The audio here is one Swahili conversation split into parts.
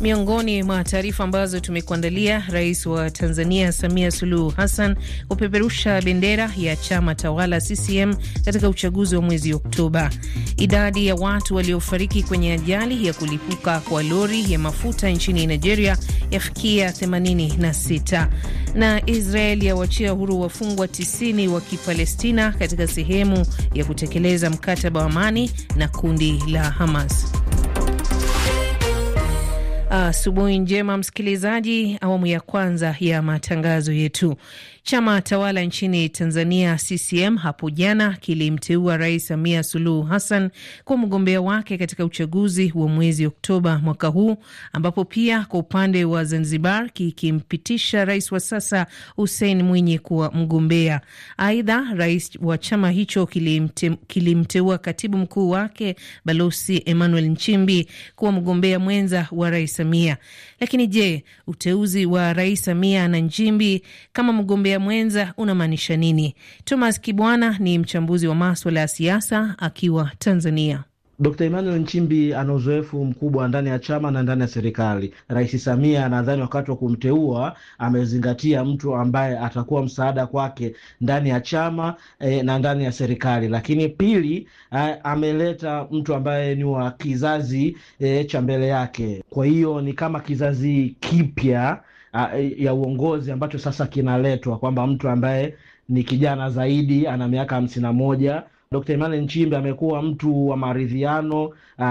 Miongoni mwa taarifa ambazo tumekuandalia, rais wa Tanzania Samia Suluhu Hassan kupeperusha bendera ya chama tawala CCM katika uchaguzi wa mwezi Oktoba. Idadi ya watu waliofariki kwenye ajali ya kulipuka kwa lori ya mafuta nchini Nigeria yafikia 86. Na Israel yawachia huru wafungwa 90 wa Kipalestina katika sehemu ya kutekeleza mkataba wa amani na kundi la Hamas. Ah, asubuhi njema msikilizaji, awamu ya kwanza ya matangazo yetu Chama tawala nchini Tanzania, CCM, hapo jana kilimteua Rais Samia Suluhu Hassan kuwa mgombea wake katika uchaguzi wa mwezi Oktoba mwaka huu, ambapo pia kwa upande wa Zanzibar kikimpitisha rais wa sasa Hussein Mwinyi kuwa mgombea. Aidha, rais wa chama hicho kilimte, kilimteua katibu mkuu wake Balosi Emmanuel Nchimbi kuwa mgombea mwenza wa Rais Samia. Lakini je, uteuzi wa Rais Samia na Nchimbi kama mgombea mgombea mwenza unamaanisha nini? Thomas Kibwana ni mchambuzi wa maswala ya siasa akiwa Tanzania. Dkt Emmanuel Nchimbi ana uzoefu mkubwa ndani ya chama na ndani ya serikali. Rais Samia nadhani wakati wa kumteua amezingatia mtu ambaye atakuwa msaada kwake ndani ya chama e, na ndani ya serikali. Lakini pili, a, eh, ameleta mtu ambaye ni wa kizazi e, cha mbele yake. Kwa hiyo ni kama kizazi kipya ya uongozi ambacho sasa kinaletwa kwamba mtu ambaye ni kijana zaidi ana miaka hamsini na moja d Emmanuel Nchimbi amekuwa mtu wa maridhiano,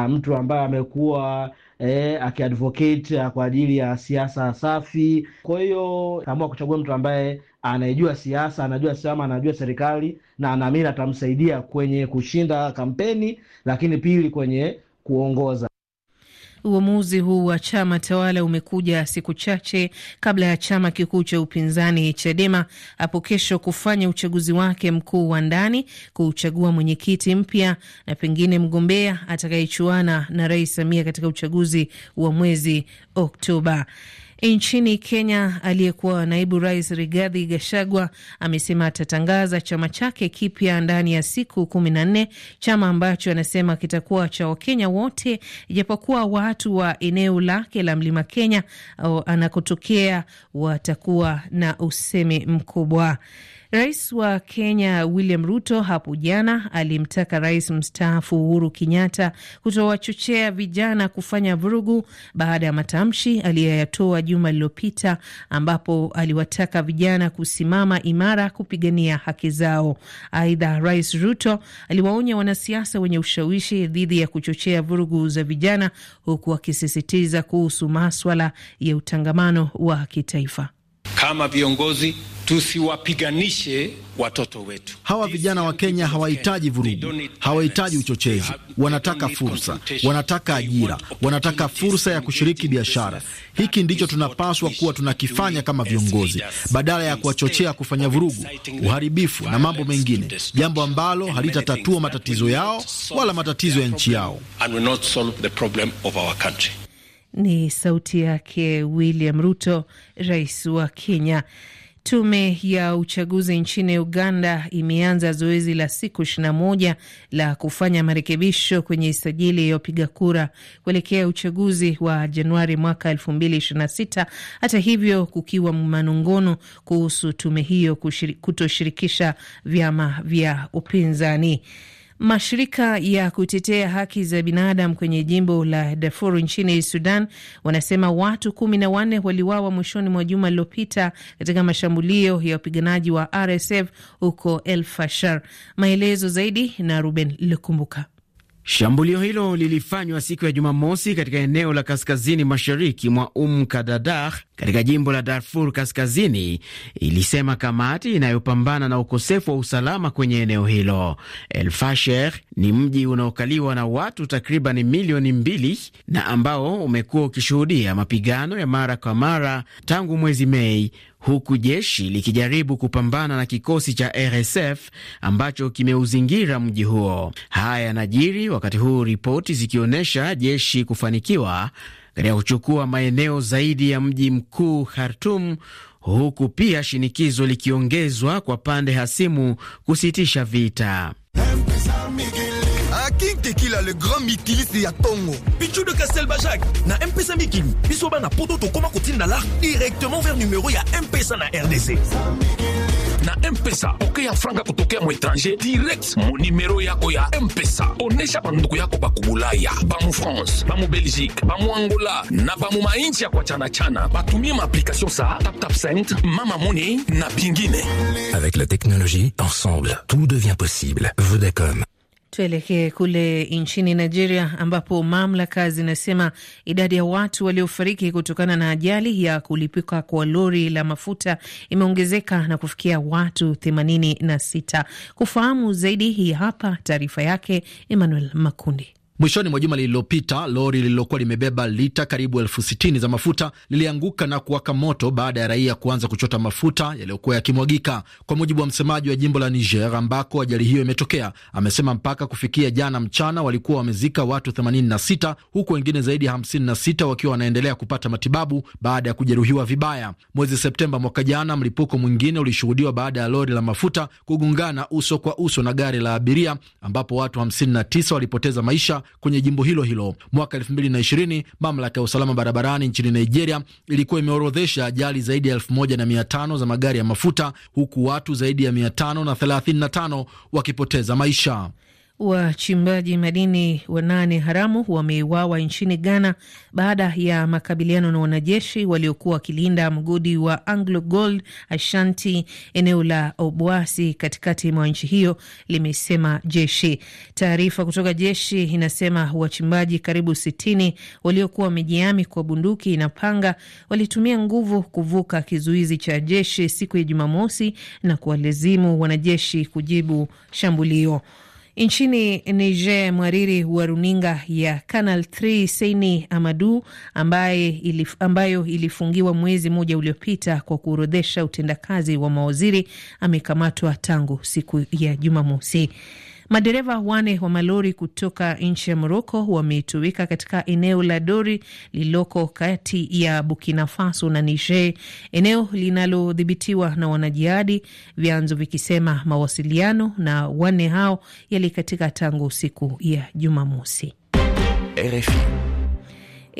mtu ambaye amekuwa eh, akiadvocate kwa ajili ya siasa safi. Kwa hiyo kaamua kuchagua mtu ambaye anaijua siasa, anajua chama, anajua serikali na anaamini atamsaidia kwenye kushinda kampeni, lakini pili kwenye kuongoza. Uamuzi huu wa chama tawala umekuja siku chache kabla ya chama kikuu cha upinzani Chadema hapo kesho kufanya uchaguzi wake mkuu wa ndani kuchagua mwenyekiti mpya na pengine mgombea atakayechuana na Rais Samia katika uchaguzi wa mwezi Oktoba. E, nchini Kenya, aliyekuwa naibu rais Rigathi Gachagua amesema atatangaza chama chake kipya ndani ya siku kumi na nne, chama ambacho anasema kitakuwa cha Wakenya wote, ijapokuwa watu wa eneo lake la mlima Kenya oh, anakotokea watakuwa na usemi mkubwa. Rais wa Kenya William Ruto hapo jana alimtaka rais mstaafu Uhuru Kenyatta kutowachochea vijana kufanya vurugu baada ya matamshi aliyoyatoa juma lililopita, ambapo aliwataka vijana kusimama imara kupigania haki zao. Aidha, Rais Ruto aliwaonya wanasiasa wenye ushawishi dhidi ya kuchochea vurugu za vijana, huku akisisitiza kuhusu maswala ya utangamano wa kitaifa. Kama viongozi tusiwapiganishe watoto wetu. Hawa vijana wa Kenya hawahitaji vurugu, hawahitaji uchochezi, wanataka fursa, wanataka ajira, wanataka fursa ya kushiriki biashara. Hiki ndicho tunapaswa kuwa tunakifanya kama viongozi, badala ya kuwachochea kufanya vurugu, uharibifu na mambo mengine, jambo ambalo halitatatua matatizo yao wala matatizo ya nchi yao. Ni sauti yake William Ruto, rais wa Kenya. Tume ya uchaguzi nchini Uganda imeanza zoezi la siku 21 la kufanya marekebisho kwenye sajili ya wapiga kura kuelekea uchaguzi wa Januari mwaka 2026, hata hivyo kukiwa manungono kuhusu tume hiyo kutoshirikisha vyama vya upinzani. Mashirika ya kutetea haki za binadamu kwenye jimbo la Darfur nchini Sudan wanasema watu kumi na wanne waliwawa mwishoni mwa juma lililopita katika mashambulio ya wapiganaji wa RSF huko El Fashar. Maelezo zaidi na Ruben Lukumbuka. Shambulio hilo lilifanywa siku ya Jumamosi katika eneo la kaskazini mashariki mwa umkadadah katika jimbo la Darfur Kaskazini, ilisema kamati inayopambana na ukosefu wa usalama kwenye eneo hilo. El Fasher ni mji unaokaliwa na watu takriban milioni mbili na ambao umekuwa ukishuhudia mapigano ya mara kwa mara tangu mwezi Mei, huku jeshi likijaribu kupambana na kikosi cha RSF ambacho kimeuzingira mji huo. Haya yanajiri wakati huu ripoti zikionyesha jeshi kufanikiwa katika kuchukua maeneo zaidi ya mji mkuu Khartum, huku pia shinikizo likiongezwa kwa pande hasimu kusitisha vita. akinte le grand ya tongo castel bajak na mpesa mikili biso bana poto tokóma kotinda la directement vers ya mpesa na RDC na mpesa okeya franga kutokea mwetranger direct numero yako ya mpesa onesha banduku yako bakugulaya bamu france bamu belgique bamu angola na bamu mainchi ya kwachanachana batumie maapplication sa taptap send mama money na bingine avec la technologie ensemble tout devient possible vodacom Tuelekee kule nchini Nigeria ambapo mamlaka zinasema idadi ya watu waliofariki kutokana na ajali ya kulipuka kwa lori la mafuta imeongezeka na kufikia watu 86. Kufahamu zaidi, hii hapa taarifa yake Emmanuel Makundi. Mwishoni mwa juma lililopita lori lililokuwa limebeba lita karibu elfu sitini za mafuta lilianguka na kuwaka moto baada ya raia kuanza kuchota mafuta yaliyokuwa yakimwagika. Kwa mujibu wa msemaji wa jimbo la Niger ambako ajali hiyo imetokea, amesema mpaka kufikia jana mchana walikuwa wamezika watu 86 huku wengine zaidi ya 56 wakiwa wanaendelea kupata matibabu baada ya kujeruhiwa vibaya. Mwezi Septemba mwaka jana, mlipuko mwingine ulishuhudiwa baada ya lori la mafuta kugungana uso kwa uso na gari la abiria ambapo watu 59 walipoteza maisha kwenye jimbo hilo hilo. Mwaka ishirini mamlaka ya usalama barabarani nchini Nigeria ilikuwa imeorodhesha ajali zaidi ya tano za magari ya mafuta huku watu zaidi ya na tano wakipoteza maisha. Wachimbaji madini wanane haramu wameuawa nchini Ghana baada ya makabiliano na wanajeshi waliokuwa wakilinda mgodi wa Anglo Gold Ashanti eneo la Obuasi katikati mwa nchi hiyo, limesema jeshi. Taarifa kutoka jeshi inasema wachimbaji karibu sitini waliokuwa wamejihami kwa bunduki na panga walitumia nguvu kuvuka kizuizi cha jeshi siku ya Jumamosi na kuwalazimu wanajeshi kujibu shambulio. Nchini Niger, mwariri wa runinga ya Canal 3 Seini Amadu ambaye ilif, ambayo ilifungiwa mwezi mmoja uliopita kwa kuorodhesha utendakazi wa mawaziri amekamatwa tangu siku ya Jumamosi. Madereva wane wa malori kutoka nchi ya Moroko wametuika katika eneo la Dori lililoko kati ya Burkina Faso na Niger, eneo linalodhibitiwa na wanajihadi, vyanzo vikisema mawasiliano na wane hao yalikatika tangu siku ya Jumamosi. RFI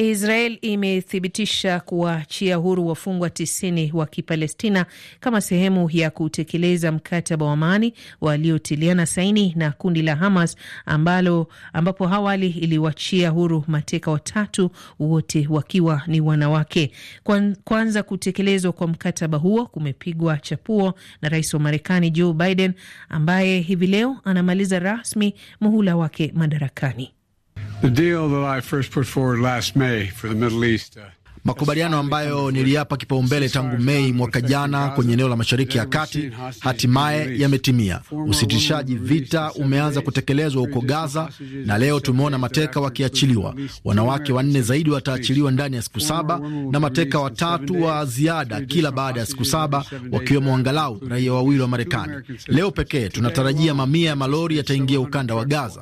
Israel imethibitisha kuwaachia huru wafungwa tisini wa Kipalestina kama sehemu ya kutekeleza mkataba wa amani waliotiliana saini na kundi la Hamas ambalo, ambapo awali iliwachia huru mateka watatu wote wakiwa ni wanawake. Kwanza kutekelezwa kwa mkataba huo kumepigwa chapuo na rais wa Marekani Joe Biden ambaye hivi leo anamaliza rasmi muhula wake madarakani. The deal that I first put forward last May for the Middle East uh, makubaliano ambayo niliyapa kipaumbele tangu Mei mwaka jana kwenye eneo la Mashariki ya Kati hatimaye yametimia. Usitishaji vita umeanza kutekelezwa huko Gaza, na leo tumeona mateka wakiachiliwa. Wanawake wanne zaidi wataachiliwa ndani ya siku saba na mateka watatu wa ziada kila baada ya siku saba, wakiwemo angalau raia wawili wa Marekani. Leo pekee tunatarajia mamia ya malori yataingia ukanda wa Gaza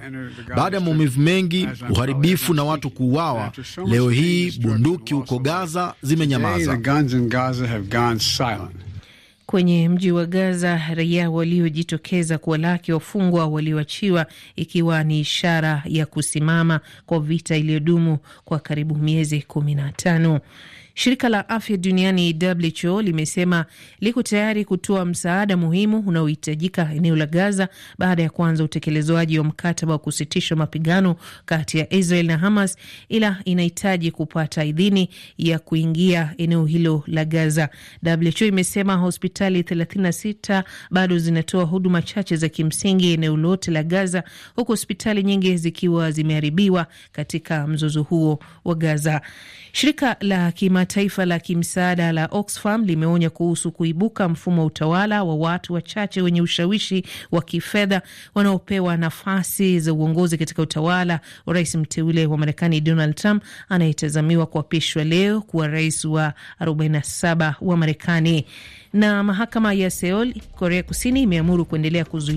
baada ya maumivu mengi, uharibifu na watu kuuawa. Leo hii bunduki huko Gaza Gaza zimenyamaza. Kwenye mji wa Gaza, raia waliojitokeza kuwalaki wafungwa walioachiwa, ikiwa ni ishara ya kusimama kwa vita iliyodumu kwa karibu miezi kumi na tano. Shirika la afya duniani WHO limesema liko tayari kutoa msaada muhimu unaohitajika eneo la Gaza baada ya kuanza utekelezwaji wa mkataba wa kusitisha mapigano kati ya Israel na Hamas, ila inahitaji kupata idhini ya kuingia eneo hilo la Gaza. WHO imesema hospitali 36 bado zinatoa huduma chache za kimsingi eneo lote la Gaza, huku hospitali nyingi zikiwa zimeharibiwa katika mzozo huo wa Gaza. Shirika la kima kimataifa la kimsaada la Oxfam limeonya kuhusu kuibuka mfumo wa utawala wa watu wachache wenye ushawishi wa kifedha wanaopewa nafasi za uongozi katika utawala wa rais mteule wa Marekani Donald Trump anayetazamiwa kuapishwa leo kuwa rais wa 47 wa Marekani. Na mahakama ya Seoul, Korea Kusini, imeamuru kuendelea kuzuilia